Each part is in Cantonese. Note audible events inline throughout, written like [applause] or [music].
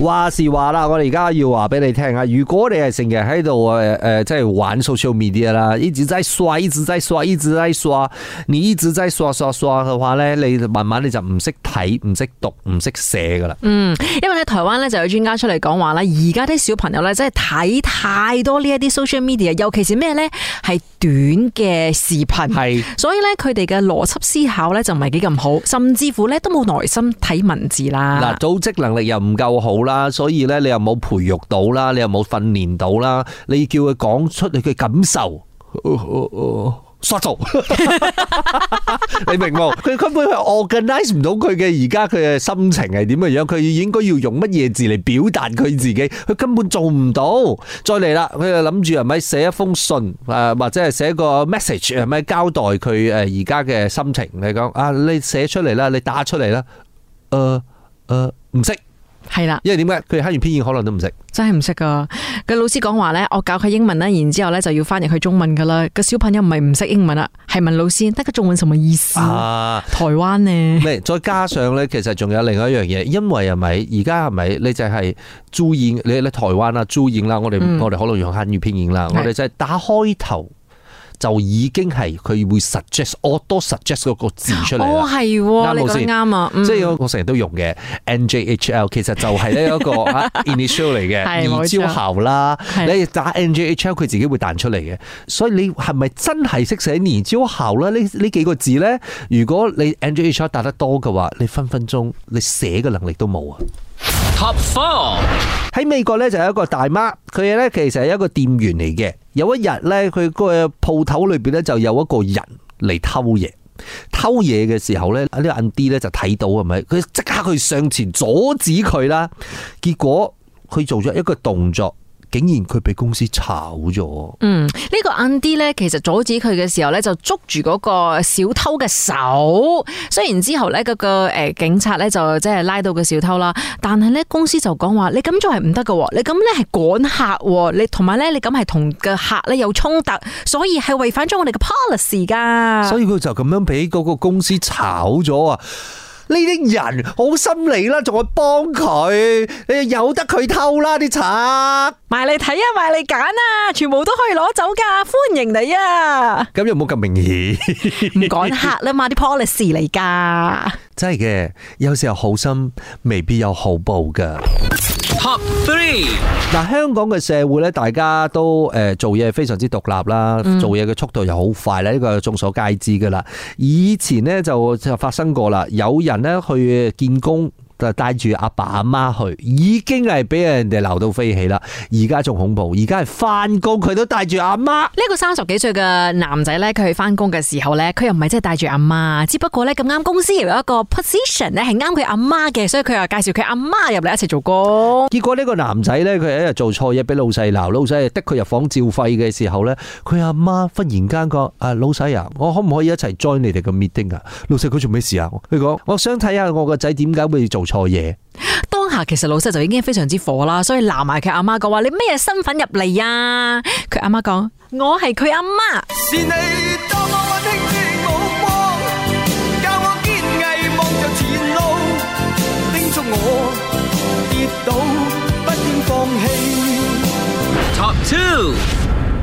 話是話啦，我哋而家要話俾你聽啊！如果你係成日喺度誒誒，即、呃、係、就是、玩 social media 啦，一直在刷，一直在刷，一直在刷，你一直在刷刷刷嘅話咧，你慢慢你就唔識睇，唔識讀，唔識寫噶啦。嗯，因為咧台灣咧就有專家出嚟講話啦，而家啲小朋友咧真係睇太多呢一啲 social media，尤其是咩咧係短嘅視頻，係，所以咧佢哋嘅邏輯思考咧就唔係幾咁好，甚至乎咧都冇耐心睇文字啦。嗱、啊，組織能力又唔夠好啦。啊，所以咧，你又冇培育到啦，你又冇訓練到啦，你叫佢講出你嘅感受，傻做，你明冇？佢根本係 organize 唔到佢嘅，而家佢嘅心情係點嘅樣？佢應該要用乜嘢字嚟表達佢自己？佢根本做唔到。再嚟啦，佢諗住係咪寫一封信啊，或者係寫個 message，係咪交代佢誒而家嘅心情？你講啊，你寫出嚟啦，你打出嚟啦，誒誒，唔識。係啦，是的，因為點解佢哋漢語拼音可能都唔識，真係唔識噶。個老師講話咧，我教佢英文啦，然之後咧就要翻譯去中文噶啦。個小朋友唔係唔識英文啦，係問老師得個中文什麼意思啊？台灣呢？咪再加上咧，其實仲有另外一樣嘢，因為係咪而家係咪你就係注音？你你台灣啦，注音啦，我哋、嗯、我哋可能用漢語拼音啦，是的我哋就係打開頭。就已經係佢會 suggest，我都 suggest 嗰個字出嚟。哦，係，你講得啱啊！即係我成日都用嘅 NJHL，其實就係呢一個 initial 嚟嘅年招效啦。你打 NJHL，佢自己會彈出嚟嘅。是所以你係咪真係識寫年招效啦？呢呢幾個字咧？如果你 NJHL 打得多嘅話，你分分鐘你寫嘅能力都冇啊。Top four 喺美國咧就有一個大媽，佢咧其實係一個店員嚟嘅。有一日咧，佢個鋪頭裏邊咧就有一個人嚟偷嘢，偷嘢嘅時候咧，呢個 Andy 咧就睇到係咪？佢即刻去上前阻止佢啦，結果佢做咗一個動作。竟然佢俾公司炒咗。嗯，呢、這個 Andy 咧，其實阻止佢嘅時候咧，就捉住嗰個小偷嘅手。雖然之後咧，嗰個誒警察咧就即係拉到個小偷啦，但係咧，公司就講，話你咁做係唔得噶，你咁咧係趕客，你同埋咧你咁係同個客咧有衝突，所以係違反咗我哋嘅 policy 噶。所以佢就咁樣俾嗰個公司炒咗啊！呢啲人好心理啦，仲去幫佢，你由得佢偷啦，啲賊。埋嚟睇啊，埋嚟揀啊，全部都可以攞走噶，歡迎你啊！咁又冇咁明顯，唔 [laughs] 趕 [laughs] 客啦嘛，啲 policy 嚟噶。真係嘅，有時候好心未必有好報噶。Top three 嗱，香港嘅社會咧，大家都誒做嘢非常之獨立啦，做嘢嘅速度又好快咧，呢個眾所皆知噶啦。以前咧就就發生過啦，有人咧去建工。就帶住阿爸阿媽去，已經係俾人哋鬧到飛起啦！而家仲恐怖，而家係翻工佢都帶住阿媽。呢個三十幾歲嘅男仔咧，佢翻工嘅時候咧，佢又唔係真係帶住阿媽，只不過咧咁啱公司又有一個 position 咧係啱佢阿媽嘅，所以佢又介紹佢阿媽入嚟一齊做工。結果呢個男仔咧，佢一日做錯嘢俾老細鬧，老細逼佢入房照肺嘅時候咧，佢阿媽忽然間個阿老細啊，我可唔可以一齊 join 你哋個 meeting 啊？老細，佢做咩事啊？佢講，我想睇下我個仔點解會做。錯嘢，當下其實老師就已經非常之火啦，所以鬧埋佢阿媽講話：你咩身份入嚟啊？佢阿媽講：我係佢阿媽。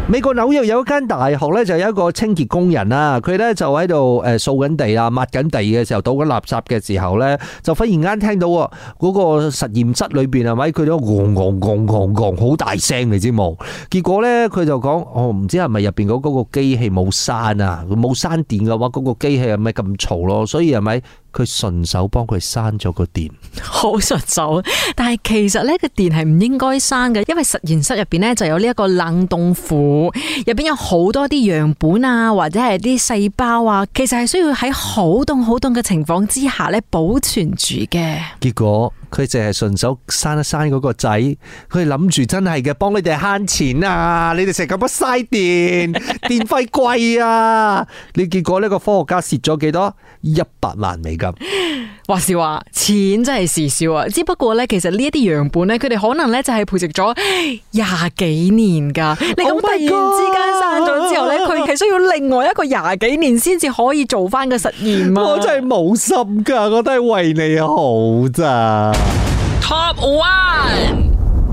美國紐約有一間大學咧，就有一個清潔工人啊。佢咧就喺度誒掃緊地啊，抹緊地嘅時候，倒緊垃圾嘅時候咧，就忽然間聽到嗰個實驗室裏邊係咪佢都嗡嗡嗡嗡嗡「咣咣咣咣咣好大聲，你知冇？結果咧佢就講，哦唔知係咪入邊嗰個機器冇閂啊，冇閂電嘅話，嗰、嗰個機器係咪咁嘈？咯？所以係咪？是佢順手幫佢閂咗個電，好順手。但係其實咧個電係唔應該閂嘅，因為實驗室入邊咧就有呢一個冷凍庫，入邊有好多啲樣本啊，或者係啲細胞啊，其實係需要喺好凍好凍嘅情況之下咧保存住嘅。結果佢淨係順手閂一閂嗰個掣，佢諗住真係嘅，幫你哋慳錢啊！你哋成日咁樣嘥電， [laughs] 電費貴啊！你結果呢個科學家蝕咗幾多？一百萬美金。話時話，錢真係事少啊！只不過咧，其實呢一啲樣本咧，佢哋可能咧就係培植咗廿幾年噶。Oh、my 你咁突然之間散咗之後咧，佢係需要另外一個廿幾年先至可以做翻個實驗啊。我真係冇心噶，我都係為你好咋。Top one。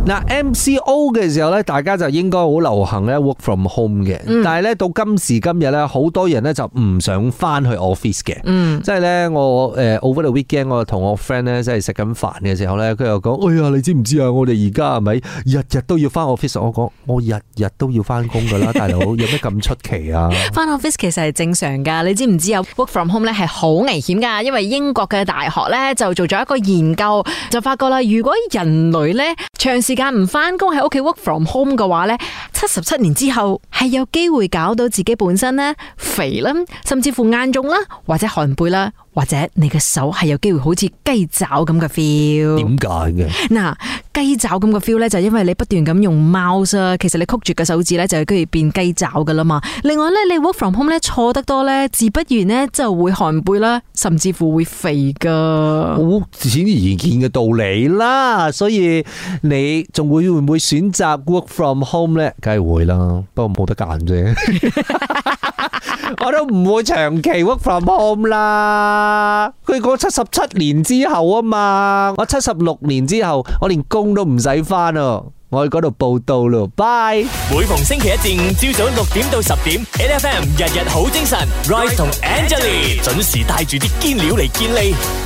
嗱 MCO 嘅時候咧，大家就應該好流行咧 work from home 嘅。嗯、但係咧到今時今日咧，好多人咧就唔想翻去 office 嘅。嗯，即係咧我誒 over the weekend 我同我 friend 咧即係食緊飯嘅時候咧，佢又講：哎呀，你知唔知啊？我哋而家係咪日日都要翻 office？我講，我日日都要翻工噶啦，大佬 [laughs] 有咩咁出奇啊？翻 office 其實係正常噶。你知唔知有 work from home 咧係好危險噶？因為英國嘅大學咧就做咗一個研究，就發覺啦，如果人類咧唱。時間唔返工喺屋企 work from home 嘅話，呢七十七年之後係有機會搞到自己本身呢肥啦，甚至乎眼腫啦，或者寒背啦。或者你嘅手係有機會好似雞爪咁嘅 feel，點解嘅？嗱、啊，雞爪咁嘅 feel 咧，就係因為你不斷咁用 mouse，其實你曲住嘅手指咧就跟住變雞爪噶啦嘛。另外咧，你 work from home 咧坐得多咧，自不然咧就會寒背啦，甚至乎會肥噶。好顯而易見嘅道理啦，所以你仲會會唔會選擇 work from home 咧？梗係會啦，不過冇得揀啫。 [laughs] [laughs] 我都唔會長期 work from home 啦，佢過七十七年之後啊嘛，我七十六年之後，我連工都唔使翻哦，我去嗰度報道咯，拜。每逢星期一至五，朝早六點到十點，NFM 日日好精神，Rise 同 Angelina 準時帶住啲堅料嚟見你。